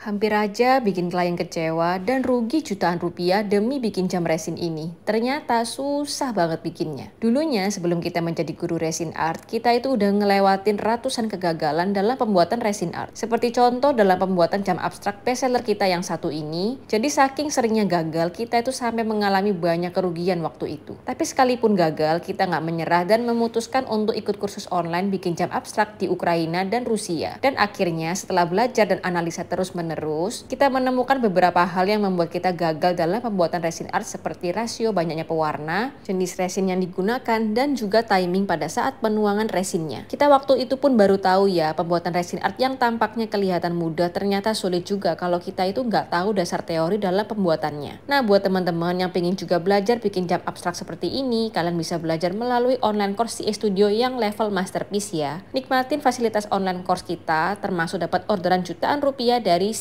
Hampir aja bikin klien kecewa dan rugi jutaan rupiah demi bikin jam resin ini. Ternyata susah banget bikinnya. Dulunya sebelum kita menjadi guru resin art, kita itu udah ngelewatin ratusan kegagalan dalam pembuatan resin art. Seperti contoh dalam pembuatan jam abstrak bestseller kita yang satu ini. Jadi saking seringnya gagal, kita itu sampai mengalami banyak kerugian waktu itu. Tapi sekalipun gagal, kita nggak menyerah dan memutuskan untuk ikut kursus online bikin jam abstrak di Ukraina dan Rusia. Dan akhirnya setelah belajar dan analisa terus menerus menerus, kita menemukan beberapa hal yang membuat kita gagal dalam pembuatan resin art seperti rasio banyaknya pewarna, jenis resin yang digunakan, dan juga timing pada saat penuangan resinnya. Kita waktu itu pun baru tahu ya, pembuatan resin art yang tampaknya kelihatan mudah ternyata sulit juga kalau kita itu nggak tahu dasar teori dalam pembuatannya. Nah, buat teman-teman yang pengen juga belajar bikin jam abstrak seperti ini, kalian bisa belajar melalui online course CA Studio yang level masterpiece ya. Nikmatin fasilitas online course kita, termasuk dapat orderan jutaan rupiah dari